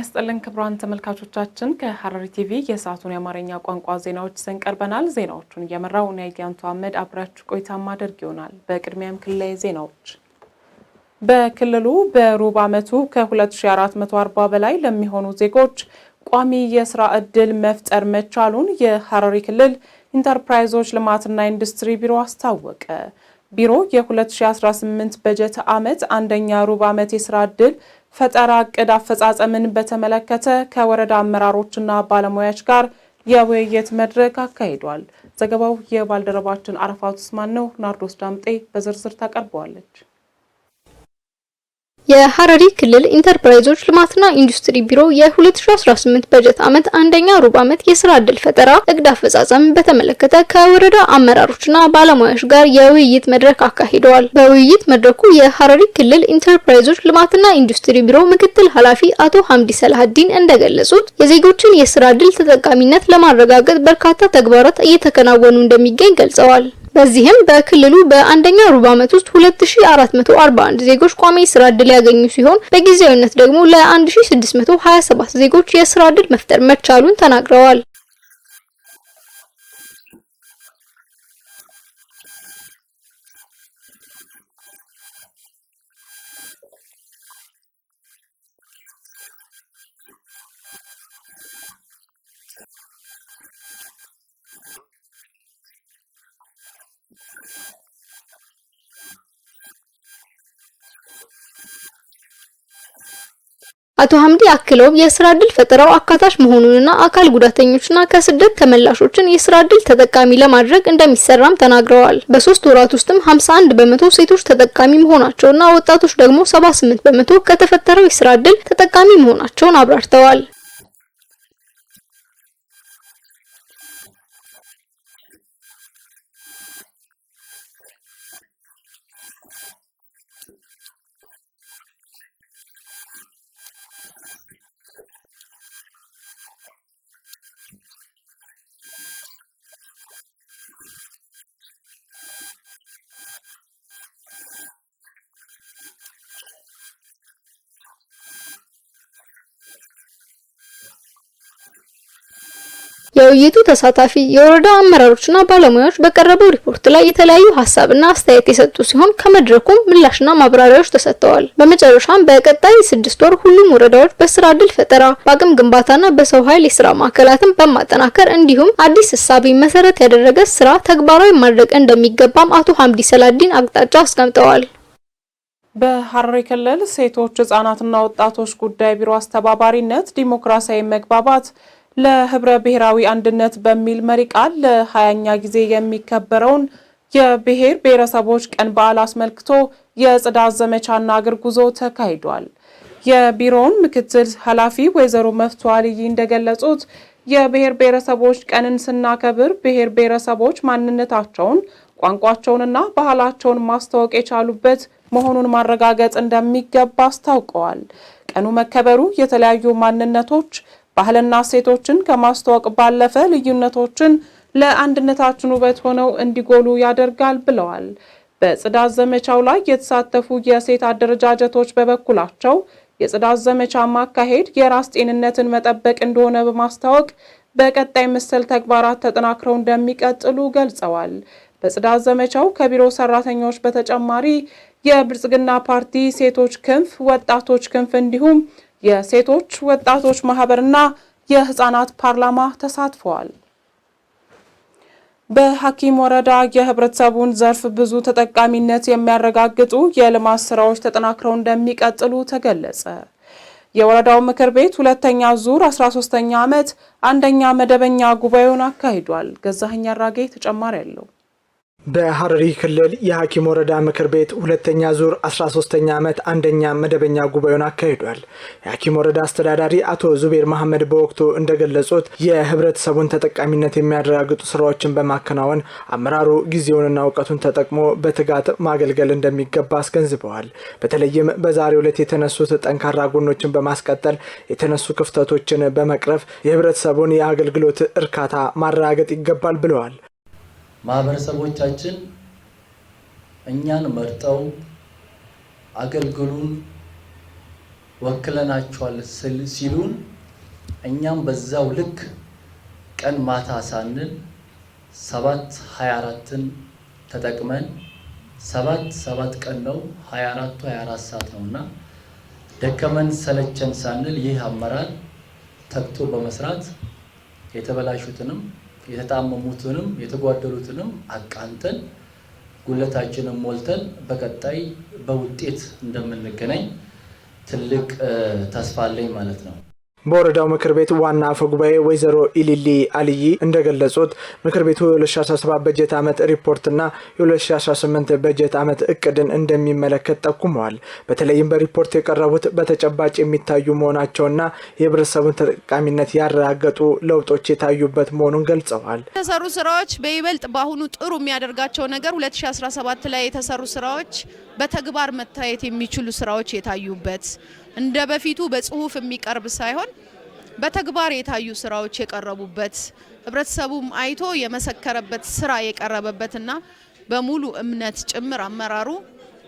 ያስጠለን ክቡራን ተመልካቾቻችን፣ ከሐረሪ ቲቪ የሰዓቱን የአማርኛ ቋንቋ ዜናዎች ይዘን ቀርበናል። ዜናዎቹን እየመራው ኒያጊያንቱ አህመድ አብራችሁ ቆይታ ማድረግ ይሆናል። በቅድሚያም ክልላዊ ዜናዎች። በክልሉ በሩብ ዓመቱ ከ2440 በላይ ለሚሆኑ ዜጎች ቋሚ የስራ ዕድል መፍጠር መቻሉን የሐረሪ ክልል ኢንተርፕራይዞች ልማትና ኢንዱስትሪ ቢሮ አስታወቀ። ቢሮ የ2018 በጀት ዓመት አንደኛ ሩብ ዓመት የስራ ዕድል ፈጠራ እቅድ አፈጻጸምን በተመለከተ ከወረዳ አመራሮችና ባለሙያዎች ጋር የውይይት መድረክ አካሂዷል። ዘገባው የባልደረባችን አረፋት ውስማን ነው። ናርዶስ ዳምጤ በዝርዝር ታቀርበዋለች። የሐረሪ ክልል ኢንተርፕራይዞች ልማትና ኢንዱስትሪ ቢሮ የ2018 በጀት ዓመት አንደኛ ሩብ ዓመት የስራ ዕድል ፈጠራ እቅድ አፈጻጸም በተመለከተ ከወረዳ አመራሮችና ባለሙያዎች ጋር የውይይት መድረክ አካሂደዋል። በውይይት መድረኩ የሐረሪ ክልል ኢንተርፕራይዞች ልማትና ኢንዱስትሪ ቢሮ ምክትል ኃላፊ አቶ ሀምዲ ሰላሀዲን እንደገለጹት የዜጎችን የስራ ዕድል ተጠቃሚነት ለማረጋገጥ በርካታ ተግባራት እየተከናወኑ እንደሚገኝ ገልጸዋል። በዚህም በክልሉ በአንደኛ ሩብ ዓመት ውስጥ 2441 ዜጎች ቋሚ ስራ እድል ያገኙ ሲሆን በጊዜያዊነት ደግሞ ለ1627 ዜጎች የስራ እድል መፍጠር መቻሉን ተናግረዋል። አቶ ሀምዲ አክለውም የስራ እድል ፈጠራው አካታች መሆኑንና አካል ጉዳተኞችና ከስደት ተመላሾችን የስራ እድል ተጠቃሚ ለማድረግ እንደሚሰራም ተናግረዋል። በሶስት ወራት ውስጥም 51 በመቶ ሴቶች ተጠቃሚ መሆናቸውና ወጣቶች ደግሞ 78 በመቶ ከተፈጠረው የስራ እድል ተጠቃሚ መሆናቸውን አብራርተዋል። በውይይቱ ተሳታፊ የወረዳ አመራሮችና ባለሙያዎች በቀረበው ሪፖርት ላይ የተለያዩ ሀሳብና አስተያየት የሰጡ ሲሆን ከመድረኩም ምላሽና ማብራሪያዎች ተሰጥተዋል። በመጨረሻም በቀጣይ ስድስት ወር ሁሉም ወረዳዎች በስራ እድል ፈጠራ፣ በአቅም ግንባታና በሰው ኃይል የስራ ማዕከላትን በማጠናከር እንዲሁም አዲስ እሳቤ መሰረት ያደረገ ስራ ተግባራዊ ማድረግ እንደሚገባም አቶ ሀምዲ ሰላዲን አቅጣጫ አስቀምጠዋል። በሐረሪ ክልል ሴቶች ህጻናትና ወጣቶች ጉዳይ ቢሮ አስተባባሪነት ዲሞክራሲያዊ መግባባት ለህብረ ብሔራዊ አንድነት በሚል መሪ ቃል ለሀያኛ ጊዜ የሚከበረውን የብሔር ብሔረሰቦች ቀን በዓል አስመልክቶ የጽዳት ዘመቻና እግር ጉዞ ተካሂዷል። የቢሮውን ምክትል ኃላፊ ወይዘሮ መፍቱ አልይ እንደገለጹት የብሔር ብሔረሰቦች ቀንን ስናከብር ብሔር ብሔረሰቦች ማንነታቸውን፣ ቋንቋቸውንና ባህላቸውን ማስተዋወቅ የቻሉበት መሆኑን ማረጋገጥ እንደሚገባ አስታውቀዋል። ቀኑ መከበሩ የተለያዩ ማንነቶች ባህልና እሴቶችን ከማስተዋወቅ ባለፈ ልዩነቶችን ለአንድነታችን ውበት ሆነው እንዲጎሉ ያደርጋል ብለዋል። በጽዳት ዘመቻው ላይ የተሳተፉ የሴት አደረጃጀቶች በበኩላቸው የጽዳት ዘመቻ ማካሄድ የራስ ጤንነትን መጠበቅ እንደሆነ በማስታወቅ በቀጣይ ምስል ተግባራት ተጠናክረው እንደሚቀጥሉ ገልጸዋል። በጽዳት ዘመቻው ከቢሮ ሰራተኞች በተጨማሪ የብልጽግና ፓርቲ ሴቶች ክንፍ፣ ወጣቶች ክንፍ እንዲሁም የሴቶች ወጣቶች ማህበርና የህፃናት ፓርላማ ተሳትፈዋል። በሐኪም ወረዳ የህብረተሰቡን ዘርፍ ብዙ ተጠቃሚነት የሚያረጋግጡ የልማት ስራዎች ተጠናክረው እንደሚቀጥሉ ተገለጸ። የወረዳው ምክር ቤት ሁለተኛ ዙር 13ኛ ዓመት አንደኛ መደበኛ ጉባኤውን አካሂዷል። ገዛኸኝ አራጌ ተጨማሪ አለው። በሐረሪ ክልል የሐኪም ወረዳ ምክር ቤት ሁለተኛ ዙር 13ኛ ዓመት አንደኛ መደበኛ ጉባኤውን አካሂዷል። የሐኪም ወረዳ አስተዳዳሪ አቶ ዙቤር መሐመድ በወቅቱ እንደገለጹት የህብረተሰቡን ተጠቃሚነት የሚያረጋግጡ ስራዎችን በማከናወን አመራሩ ጊዜውንና እውቀቱን ተጠቅሞ በትጋት ማገልገል እንደሚገባ አስገንዝበዋል። በተለይም በዛሬው ዕለት የተነሱት ጠንካራ ጎኖችን በማስቀጠል የተነሱ ክፍተቶችን በመቅረፍ የህብረተሰቡን የአገልግሎት እርካታ ማረጋገጥ ይገባል ብለዋል። ማህበረሰቦቻችን እኛን መርጠው አገልግሉን ወክለናቸዋል ሲሉን እኛም በዛው ልክ ቀን ማታ ሳንል ሰባት ሀያ አራትን ተጠቅመን ሰባት ሰባት ቀን ነው ሀያ አራቱ ሀያ አራት ሰዓት ነው እና ደከመን ሰለቸን ሳንል ይህ አመራር ተግቶ በመስራት የተበላሹትንም የተጣመሙትንም የተጓደሉትንም አቃንተን ጉለታችንን ሞልተን በቀጣይ በውጤት እንደምንገናኝ ትልቅ ተስፋ አለኝ ማለት ነው። በወረዳው ምክር ቤት ዋና አፈ ጉባኤ ወይዘሮ ኢሊሊ አልይ እንደገለጹት ምክር ቤቱ የ2017 በጀት ዓመት ሪፖርትና የ2018 በጀት ዓመት እቅድን እንደሚመለከት ጠቁመዋል። በተለይም በሪፖርት የቀረቡት በተጨባጭ የሚታዩ መሆናቸውና የህብረተሰቡን ተጠቃሚነት ያረጋገጡ ለውጦች የታዩበት መሆኑን ገልጸዋል። የተሰሩ ስራዎች በይበልጥ በአሁኑ ጥሩ የሚያደርጋቸው ነገር 2017 ላይ የተሰሩ ስራዎች በተግባር መታየት የሚችሉ ስራዎች የታዩበት እንደ በፊቱ በጽሁፍ የሚቀርብ ሳይሆን በተግባር የታዩ ስራዎች የቀረቡበት ህብረተሰቡም አይቶ የመሰከረበት ስራ የቀረበበትና በሙሉ እምነት ጭምር አመራሩ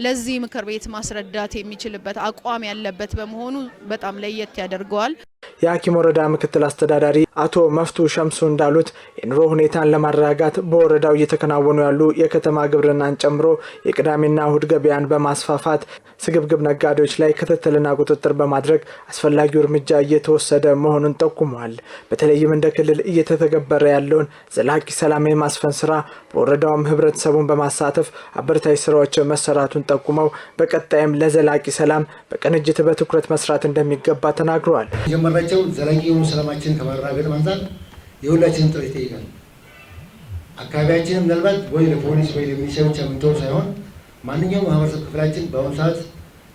ለዚህ ምክር ቤት ማስረዳት የሚችልበት አቋም ያለበት በመሆኑ በጣም ለየት ያደርገዋል። የሀኪም ወረዳ ምክትል አስተዳዳሪ አቶ መፍቱ ሸምሱ እንዳሉት የኑሮ ሁኔታን ለማረጋጋት በወረዳው እየተከናወኑ ያሉ የከተማ ግብርናን ጨምሮ የቅዳሜና እሁድ ገበያን በማስፋፋት ስግብግብ ነጋዴዎች ላይ ክትትልና ቁጥጥር በማድረግ አስፈላጊው እርምጃ እየተወሰደ መሆኑን ጠቁመዋል። በተለይም እንደ ክልል እየተተገበረ ያለውን ዘላቂ ሰላም የማስፈን ስራ በወረዳውም ህብረተሰቡን በማሳተፍ አበርታይ ስራዎች መሰራቱን ጠቁመው በቀጣይም ለዘላቂ ሰላም በቅንጅት በትኩረት መስራት እንደሚገባ ተናግረዋል። በመመቸው ዘላቂ የሆኑ ሰላማችንን ከማረጋገጥ አንጻር የሁላችንም ጥረት ይጠይቃል። አካባቢያችን ምናልባት ወይ ለፖሊስ ወይ ለሚሊሻ ብቻ የምንተው ሳይሆን ማንኛውም ማህበረሰብ ክፍላችን በአሁኑ ሰዓት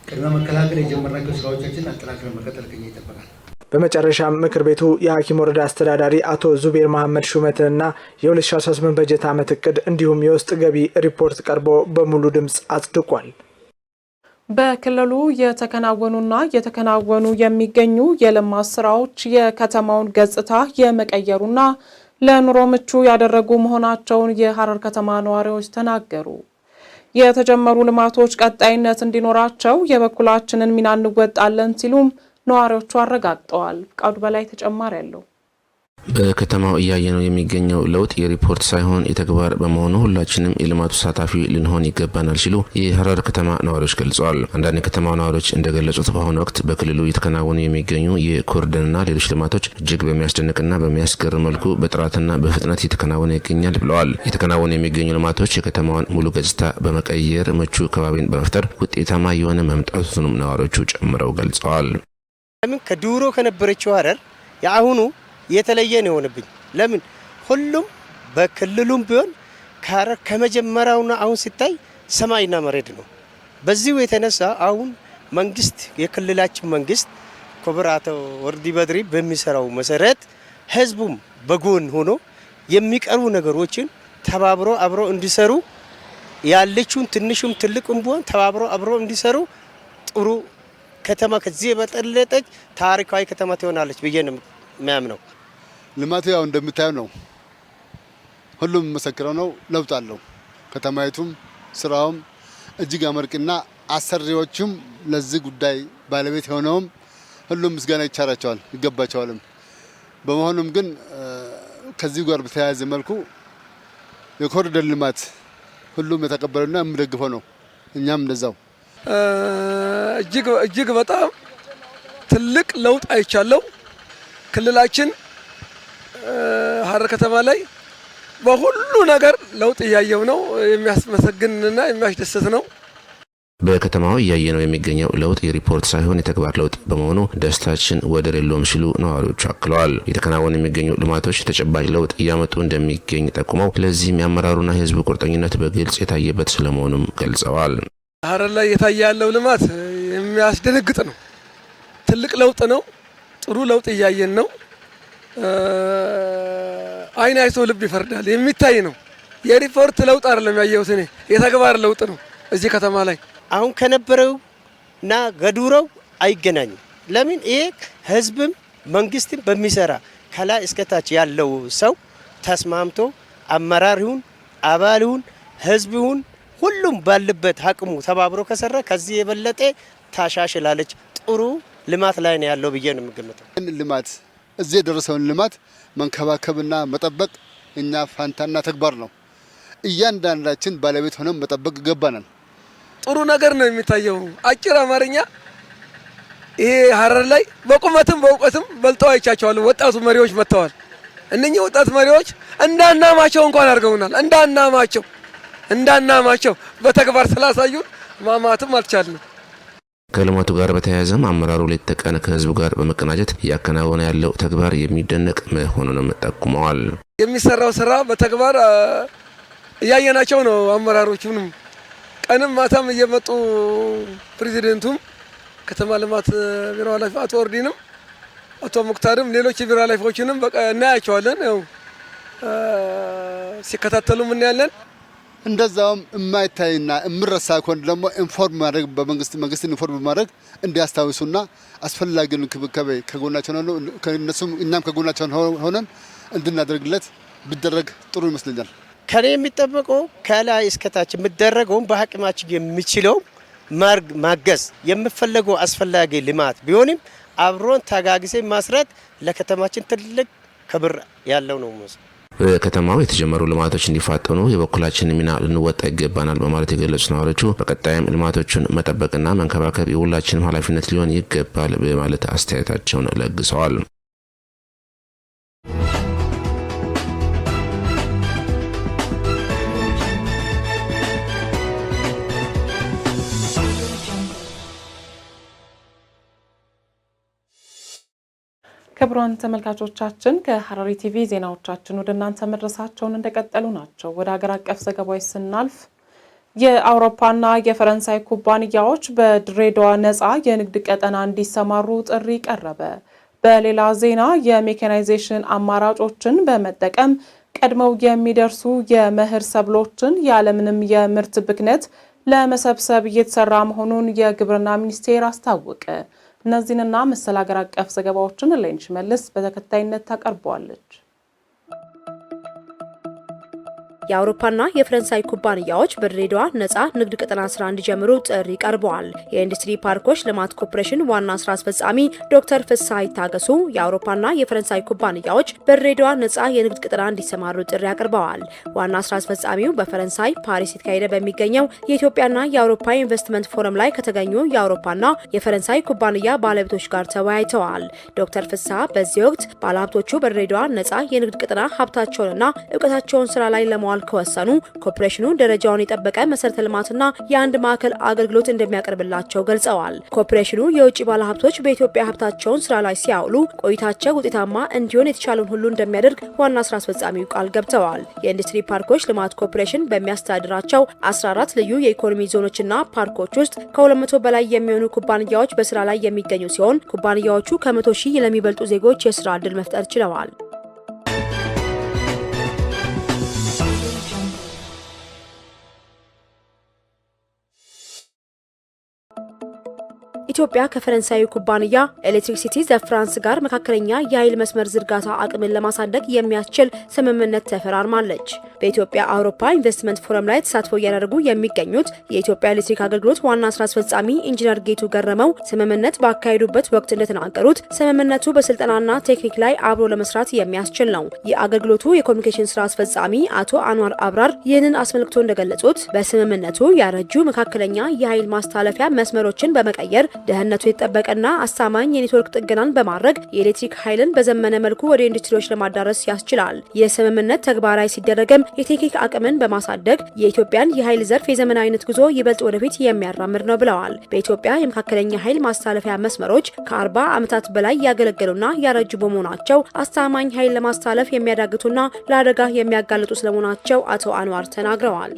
ቅድመ መከላከል የጀመርናቸው ስራዎቻችን አጠናክረን መቀጠል ከኛ ይጠበቃል። በመጨረሻ ምክር ቤቱ የሐኪም ወረዳ አስተዳዳሪ አቶ ዙቤር መሐመድ ሹመትንና የ2018 በጀት ዓመት እቅድ እንዲሁም የውስጥ ገቢ ሪፖርት ቀርቦ በሙሉ ድምፅ አጽድቋል። በክልሉ የተከናወኑና እየተከናወኑ የሚገኙ የልማት ስራዎች የከተማውን ገጽታ የመቀየሩና ለኑሮ ምቹ ያደረጉ መሆናቸውን የሐረር ከተማ ነዋሪዎች ተናገሩ። የተጀመሩ ልማቶች ቀጣይነት እንዲኖራቸው የበኩላችንን ሚና እንወጣለን ሲሉም ነዋሪዎቹ አረጋግጠዋል። ፍቃዱ በላይ ተጨማሪ አለው። በከተማው እያየ ነው የሚገኘው ለውጥ የሪፖርት ሳይሆን የተግባር በመሆኑ ሁላችንም የልማቱ ተሳታፊ ልንሆን ይገባናል ሲሉ የሀረር ከተማ ነዋሪዎች ገልጸዋል። አንዳንድ የከተማው ነዋሪዎች እንደገለጹት በአሁኑ ወቅት በክልሉ እየተከናወኑ የሚገኙ የኮሪደርና ሌሎች ልማቶች እጅግ በሚያስደንቅና በሚያስገርም መልኩ በጥራትና በፍጥነት እየተከናወነ ይገኛል ብለዋል። የተከናወኑ የሚገኙ ልማቶች የከተማዋን ሙሉ ገጽታ በመቀየር ምቹ ከባቢን በመፍጠር ውጤታማ የሆነ መምጣቱንም ነዋሪዎቹ ጨምረው ገልጸዋል። ከድሮ ከነበረችው ሀረር የአሁኑ የተለየ ነው የሆነብኝ። ለምን ሁሉም በክልሉም ቢሆን ሐረር ከመጀመሪያውና አሁን ሲታይ ሰማይና መሬድ ነው። በዚሁ የተነሳ አሁን መንግስት የክልላችን መንግስት ክቡር አቶ ወርዲ በድሪ በሚሰራው መሰረት ህዝቡም በጎን ሆኖ የሚቀርቡ ነገሮችን ተባብሮ አብሮ እንዲሰሩ ያለችውን ትንሹም ትልቁም ቢሆን ተባብሮ አብሮ እንዲሰሩ ጥሩ ከተማ ከዚህ የበጠለጠች ታሪካዊ ከተማ ትሆናለች ብዬ ነው የሚያምነው። ልማቱ ያው እንደምታዩ ነው። ሁሉም የሚመሰክረው ነው። ለውጥ አለው። ከተማይቱም ስራውም እጅግ አመርቅና አሰሪዎቹም ለዚህ ጉዳይ ባለቤት የሆነውም ሁሉም ምስጋና ይቻላቸዋል ይገባቸዋልም። በመሆኑም ግን ከዚህ ጋር በተያያዘ መልኩ የኮሪደር ልማት ሁሉም የተቀበለውና የሚደግፈው ነው። እኛም እንደዛው እጅግ በጣም ትልቅ ለውጥ አይቻለው ክልላችን ሀረር ከተማ ላይ በሁሉ ነገር ለውጥ እያየው ነው። የሚያስመሰግንና የሚያስደስት ነው። በከተማው እያየ ነው የሚገኘው ለውጥ የሪፖርት ሳይሆን የተግባር ለውጥ በመሆኑ ደስታችን ወደር የለውም ሲሉ ነዋሪዎቹ አክለዋል። የተከናወኑ የሚገኙ ልማቶች ተጨባጭ ለውጥ እያመጡ እንደሚገኝ ጠቁመው ለዚህም የአመራሩና የህዝቡ ቁርጠኝነት በግልጽ የታየበት ስለመሆኑም ገልጸዋል። ሀረር ላይ እየታየ ያለው ልማት የሚያስደነግጥ ነው። ትልቅ ለውጥ ነው። ጥሩ ለውጥ እያየን ነው። አይን አይቶ ልብ ይፈርዳል የሚታይ ነው። የሪፖርት ለውጥ አይደለም ያየሁት እኔ የተግባር ለውጥ ነው። እዚህ ከተማ ላይ አሁን ከነበረው እና ገዱረው አይገናኝም። ለምን ይሄ ህዝብም መንግስትም በሚሰራ ከላይ እስከታች ያለው ሰው ተስማምቶ አመራር ይሁን አባል ይሁን ህዝብ ይሁን ሁሉም ባለበት አቅሙ ተባብሮ ከሰራ ከዚህ የበለጠ ታሻሽላለች። ጥሩ ልማት ላይ ነው ያለው ብዬ ነው የምገምተው ልማት እዚህ የደረሰውን ልማት መንከባከብና መጠበቅ እኛ ፋንታና ተግባር ነው። እያንዳንዳችን ባለቤት ሆነን መጠበቅ ይገባናል። ጥሩ ነገር ነው የሚታየው። አጭር አማርኛ ይሄ ሀረር ላይ በቁመትም በእውቀትም በልጠው አይቻቸዋል። ወጣቱ መሪዎች መጥተዋል። እነኚህ ወጣት መሪዎች እንዳናማቸው እንኳን አድርገውናል። እንዳናማቸው እንዳናማቸው በተግባር ስላሳዩን ማማትም አልቻልንም። ከልማቱ ጋር በተያያዘም አመራሩ ሌት ተቀን ከህዝቡ ጋር በመቀናጀት እያከናወነ ያለው ተግባር የሚደነቅ መሆኑንም ጠቁመዋል። የሚሰራው ስራ በተግባር እያየናቸው ነው። አመራሮቹንም ቀንም ማታም እየመጡ ፕሬዚደንቱም፣ ከተማ ልማት ቢሮ ኃላፊ አቶ ኦርዲንም፣ አቶ ሙክታርም ሌሎች የቢሮ ኃላፊዎችንም እናያቸዋለን። ያው ሲከታተሉም እናያለን። እንደዛውም የማይታይና የምረሳ ከሆነ ደግሞ ኢንፎርም ማድረግ በመንግስት መንግስትን ኢንፎርም ማድረግ እንዲያስታውሱና አስፈላጊውን እንክብካቤ ከጎናቸው ከነሱም እኛም ከጎናቸው ሆነን እንድናደርግለት ቢደረግ ጥሩ ይመስለኛል። ከኔ የሚጠበቀው ከላይ እስከታች የምደረገውን በሀቅማችን የሚችለው ማገዝ የምፈለገው አስፈላጊ ልማት ቢሆንም አብሮን ተጋግዜ ማስረት ለከተማችን ትልቅ ክብር ያለው ነው። በከተማው የተጀመሩ ልማቶች እንዲፋጠኑ የበኩላችን ሚና ልንወጣ ይገባናል በማለት የገለጹ ነዋሪዎቹ በቀጣይም ልማቶቹን መጠበቅና መንከባከብ የሁላችንም ኃላፊነት ሊሆን ይገባል በማለት አስተያየታቸውን ለግሰዋል። ክቡራን ተመልካቾቻችን ከሐረሪ ቲቪ ዜናዎቻችን ወደ እናንተ መድረሳቸውን እንደቀጠሉ ናቸው። ወደ ሀገር አቀፍ ዘገባዎች ስናልፍ የአውሮፓና የፈረንሳይ ኩባንያዎች በድሬዳዋ ነፃ የንግድ ቀጠና እንዲሰማሩ ጥሪ ቀረበ። በሌላ ዜና የሜካናይዜሽን አማራጮችን በመጠቀም ቀድመው የሚደርሱ የመኸር ሰብሎችን ያለምንም የምርት ብክነት ለመሰብሰብ እየተሰራ መሆኑን የግብርና ሚኒስቴር አስታወቀ። እነዚህንና መሰል ሀገር አቀፍ ዘገባዎችን ሌንሽ መልስ በተከታይነት ታቀርበዋለች። የአውሮፓና የፈረንሳይ ኩባንያዎች በድሬዳዋ ነጻ ንግድ ቀጠና ስራ እንዲጀምሩ ጥሪ ቀርበዋል። የኢንዱስትሪ ፓርኮች ልማት ኮርፖሬሽን ዋና ስራ አስፈጻሚ ዶክተር ፍስሐ ይታገሱ የአውሮፓና የፈረንሳይ ኩባንያዎች በድሬዳዋ ነጻ የንግድ ቀጠና እንዲሰማሩ ጥሪ አቅርበዋል። ዋና ስራ አስፈጻሚው በፈረንሳይ ፓሪስ የተካሄደ በሚገኘው የኢትዮጵያና የአውሮፓ ኢንቨስትመንት ፎረም ላይ ከተገኙ የአውሮፓና የፈረንሳይ ኩባንያ ባለቤቶች ጋር ተወያይተዋል። ዶክተር ፍስሐ በዚህ ወቅት ባለሀብቶቹ በድሬዳዋ ነጻ የንግድ ቀጠና ሀብታቸውንና እውቀታቸውን ስራ ላይ ለመዋል ለማዋል ከወሰኑ ኮርፖሬሽኑ ደረጃውን የጠበቀ መሰረተ ልማትና የአንድ ማዕከል አገልግሎት እንደሚያቀርብላቸው ገልጸዋል። ኮርፖሬሽኑ የውጭ ባለሀብቶች በኢትዮጵያ ሀብታቸውን ስራ ላይ ሲያውሉ ቆይታቸው ውጤታማ እንዲሆን የተቻለውን ሁሉ እንደሚያደርግ ዋና ስራ አስፈጻሚው ቃል ገብተዋል። የኢንዱስትሪ ፓርኮች ልማት ኮርፖሬሽን በሚያስተዳድራቸው 14 ልዩ የኢኮኖሚ ዞኖችና ፓርኮች ውስጥ ከ200 በላይ የሚሆኑ ኩባንያዎች በስራ ላይ የሚገኙ ሲሆን ኩባንያዎቹ ከ100 ሺህ ለሚበልጡ ዜጎች የስራ እድል መፍጠር ችለዋል። ኢትዮጵያ ከፈረንሳዊ ኩባንያ ኤሌክትሪክሲቲ ዘፍራንስ ጋር መካከለኛ የኃይል መስመር ዝርጋታ አቅምን ለማሳደግ የሚያስችል ስምምነት ተፈራርማለች። በኢትዮጵያ አውሮፓ ኢንቨስትመንት ፎረም ላይ ተሳትፎ እያደረጉ የሚገኙት የኢትዮጵያ ኤሌክትሪክ አገልግሎት ዋና ስራ አስፈጻሚ ኢንጂነር ጌቱ ገረመው ስምምነት ባካሄዱበት ወቅት እንደተናገሩት ስምምነቱ በስልጠናና ቴክኒክ ላይ አብሮ ለመስራት የሚያስችል ነው። የአገልግሎቱ የኮሚኒኬሽን ስራ አስፈጻሚ አቶ አንዋር አብራር ይህንን አስመልክቶ እንደገለጹት በስምምነቱ ያረጁ መካከለኛ የኃይል ማስተላለፊያ መስመሮችን በመቀየር ደህንነቱ የተጠበቀና አሳማኝ የኔትወርክ ጥገናን በማድረግ የኤሌክትሪክ ኃይልን በዘመነ መልኩ ወደ ኢንዱስትሪዎች ለማዳረስ ያስችላል። የስምምነት ተግባራዊ ሲደረግም የቴክኒክ አቅምን በማሳደግ የኢትዮጵያን የኃይል ዘርፍ የዘመናዊነት ጉዞ ይበልጥ ወደፊት የሚያራምድ ነው ብለዋል። በኢትዮጵያ የመካከለኛ ኃይል ማስተላለፊያ መስመሮች ከ40 ዓመታት በላይ ያገለገሉና ያረጁ በመሆናቸው አስተማማኝ ኃይል ለማስተላለፍ የሚያዳግቱና ለአደጋ የሚያጋልጡ ስለመሆናቸው አቶ አንዋር ተናግረዋል።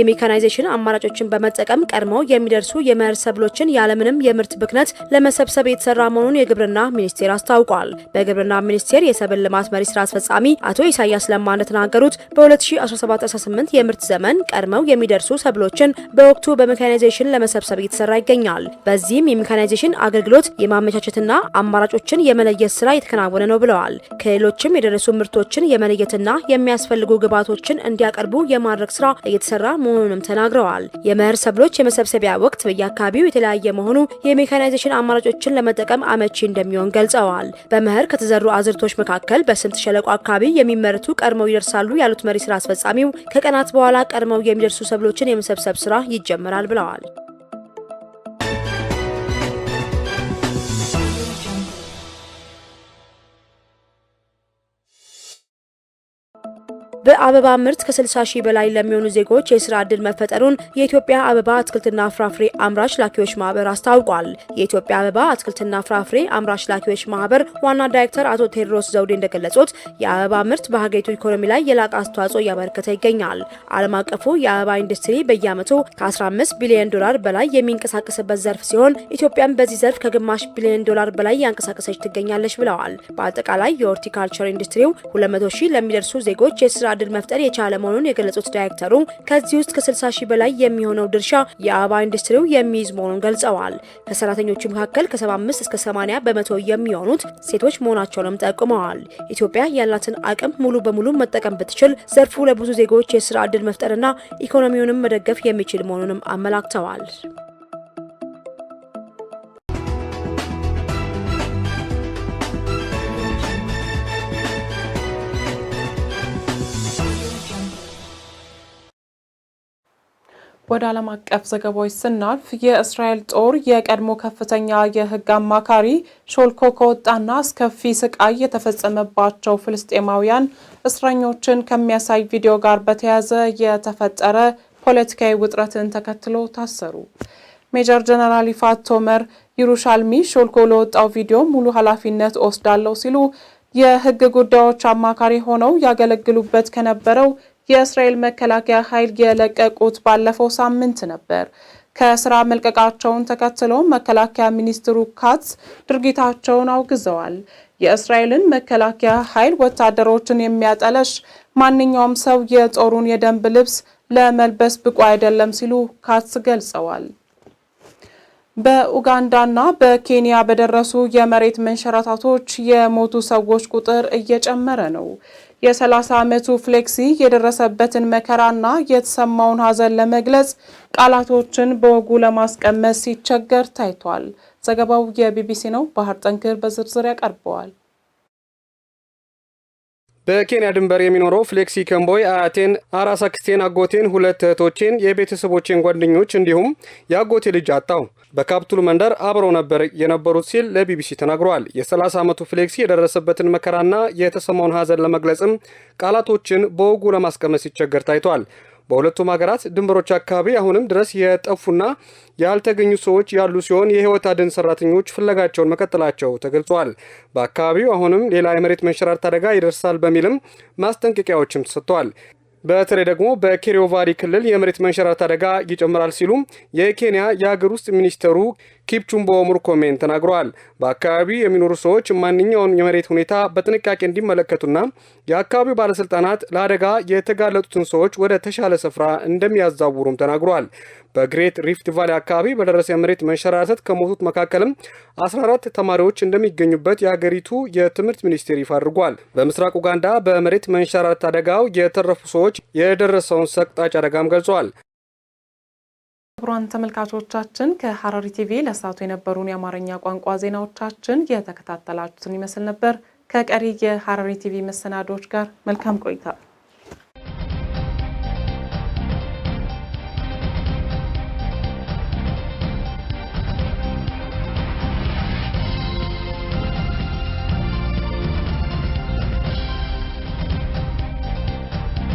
የሜካናይዜሽን አማራጮችን በመጠቀም ቀድመው የሚደርሱ የመኸር ሰብሎችን ያለምንም የምርት ብክነት ለመሰብሰብ የተሰራ መሆኑን የግብርና ሚኒስቴር አስታውቋል። በግብርና ሚኒስቴር የሰብል ልማት መሪ ስራ አስፈጻሚ አቶ ኢሳያስ ለማ እንደተናገሩት በ2017/18 የምርት ዘመን ቀድመው የሚደርሱ ሰብሎችን በወቅቱ በሜካናይዜሽን ለመሰብሰብ እየተሰራ ይገኛል። በዚህም የሜካናይዜሽን አገልግሎት የማመቻቸትና አማራጮችን የመለየት ስራ የተከናወነ ነው ብለዋል። ከሌሎችም የደረሱ ምርቶችን የመለየትና የሚያስፈልጉ ግብዓቶችን እንዲያቀርቡ የማድረግ ስራ እየተሰራ መሆኑንም ተናግረዋል። የመኸር ሰብሎች የመሰብሰቢያ ወቅት በየአካባቢው የተለያየ መሆኑ የሜካናይዜሽን አማራጮችን ለመጠቀም አመቺ እንደሚሆን ገልጸዋል። በመኸር ከተዘሩ አዝርቶች መካከል በስምጥ ሸለቆ አካባቢ የሚመረቱ ቀድመው ይደርሳሉ ያሉት መሪ ስራ አስፈጻሚው ከቀናት በኋላ ቀድመው የሚደርሱ ሰብሎችን የመሰብሰብ ስራ ይጀምራል ብለዋል። በአበባ ምርት ከ60 ሺህ በላይ ለሚሆኑ ዜጎች የስራ ዕድል መፈጠሩን የኢትዮጵያ አበባ አትክልትና ፍራፍሬ አምራች ላኪዎች ማህበር አስታውቋል። የኢትዮጵያ አበባ አትክልትና ፍራፍሬ አምራች ላኪዎች ማህበር ዋና ዳይሬክተር አቶ ቴዎድሮስ ዘውዴ እንደገለጹት የአበባ ምርት በሀገሪቱ ኢኮኖሚ ላይ የላቀ አስተዋጽኦ እያበረከተ ይገኛል። ዓለም አቀፉ የአበባ ኢንዱስትሪ በየዓመቱ ከ15 ቢሊዮን ዶላር በላይ የሚንቀሳቀስበት ዘርፍ ሲሆን ኢትዮጵያም በዚህ ዘርፍ ከግማሽ ቢሊዮን ዶላር በላይ ያንቀሳቀሰች ትገኛለች ብለዋል። በአጠቃላይ የሆርቲካልቸር ኢንዱስትሪው 200 ሺህ ለሚደርሱ ዜጎች የስራ እድል መፍጠር የቻለ መሆኑን የገለጹት ዳይሬክተሩ ከዚህ ውስጥ ከ60 ሺህ በላይ የሚሆነው ድርሻ የአበባ ኢንዱስትሪው የሚይዝ መሆኑን ገልጸዋል። ከሰራተኞቹ መካከል ከ75 እስከ 80 በመቶ የሚሆኑት ሴቶች መሆናቸውንም ጠቁመዋል። ኢትዮጵያ ያላትን አቅም ሙሉ በሙሉ መጠቀም ብትችል ዘርፉ ለብዙ ዜጎች የስራ እድል መፍጠርና ኢኮኖሚውንም መደገፍ የሚችል መሆኑንም አመላክተዋል። ወደ ዓለም አቀፍ ዘገባዎች ስናልፍ የእስራኤል ጦር የቀድሞ ከፍተኛ የሕግ አማካሪ ሾልኮ ከወጣና አስከፊ ስቃይ የተፈጸመባቸው ፍልስጤማውያን እስረኞችን ከሚያሳይ ቪዲዮ ጋር በተያያዘ የተፈጠረ ፖለቲካዊ ውጥረትን ተከትሎ ታሰሩ። ሜጀር ጀነራል ይፋት ቶመር ይሩሻልሚ ሾልኮ ለወጣው ቪዲዮ ሙሉ ኃላፊነት ወስዳለሁ ሲሉ የሕግ ጉዳዮች አማካሪ ሆነው ያገለግሉበት ከነበረው የእስራኤል መከላከያ ኃይል የለቀቁት ባለፈው ሳምንት ነበር። ከስራ መልቀቃቸውን ተከትሎ መከላከያ ሚኒስትሩ ካትስ ድርጊታቸውን አውግዘዋል። የእስራኤልን መከላከያ ኃይል ወታደሮችን የሚያጠለሽ ማንኛውም ሰው የጦሩን የደንብ ልብስ ለመልበስ ብቁ አይደለም ሲሉ ካትስ ገልጸዋል። በኡጋንዳና በኬንያ በደረሱ የመሬት መንሸራታቶች የሞቱ ሰዎች ቁጥር እየጨመረ ነው። የ30 ዓመቱ ፍሌክሲ የደረሰበትን መከራና የተሰማውን ሐዘን ለመግለጽ ቃላቶችን በወጉ ለማስቀመጥ ሲቸገር ታይቷል። ዘገባው የቢቢሲ ነው። ባህር ጠንክር በዝርዝር ያቀርበዋል። በኬንያ ድንበር የሚኖረው ፍሌክሲ ከምቦይ አያቴን፣ አራስ አክስቴን፣ አጎቴን፣ ሁለት እህቶቼን፣ የቤተሰቦቼን ጓደኞች እንዲሁም የአጎቴ ልጅ አጣው። በካፕቱል መንደር አብረው ነበር የነበሩት ሲል ለቢቢሲ ተናግሯል። የ30 ዓመቱ ፍሌክሲ የደረሰበትን መከራና የተሰማውን ሀዘን ለመግለጽም ቃላቶችን በወጉ ለማስቀመጥ ሲቸገር ታይቷል። በሁለቱም ሀገራት ድንበሮች አካባቢ አሁንም ድረስ የጠፉና ያልተገኙ ሰዎች ያሉ ሲሆን የህይወት አድን ሰራተኞች ፍለጋቸውን መቀጠላቸው ተገልጿል። በአካባቢው አሁንም ሌላ የመሬት መንሸራተት አደጋ ይደርሳል በሚልም ማስጠንቀቂያዎችም ተሰጥተዋል። በተለይ ደግሞ በኬሪዮቫዲ ክልል የመሬት መንሸራርት አደጋ ይጨምራል ሲሉም የኬንያ የሀገር ውስጥ ሚኒስተሩ ኪፕቹምቦ ሙርኮሜን ተናግረዋል። በአካባቢው የሚኖሩ ሰዎች ማንኛውን የመሬት ሁኔታ በጥንቃቄ እንዲመለከቱና የአካባቢው ባለስልጣናት ለአደጋ የተጋለጡትን ሰዎች ወደ ተሻለ ስፍራ እንደሚያዛውሩም ተናግረዋል። በግሬት ሪፍት ቫሊ አካባቢ በደረሰ የመሬት መንሸራተት ከሞቱት መካከልም 14 ተማሪዎች እንደሚገኙበት የሀገሪቱ የትምህርት ሚኒስቴር ይፋ አድርጓል። በምስራቅ ኡጋንዳ በመሬት መንሸራተት አደጋው የተረፉ ሰዎች የደረሰውን ሰቅጣጭ አደጋም ገልጿል። ክቡራን ተመልካቾቻችን ከሐረሪ ቲቪ ለሰዓቱ የነበሩን የአማርኛ ቋንቋ ዜናዎቻችን የተከታተላችሁትን ይመስል ነበር። ከቀሪ የሐረሪ ቲቪ መሰናዶዎች ጋር መልካም ቆይታ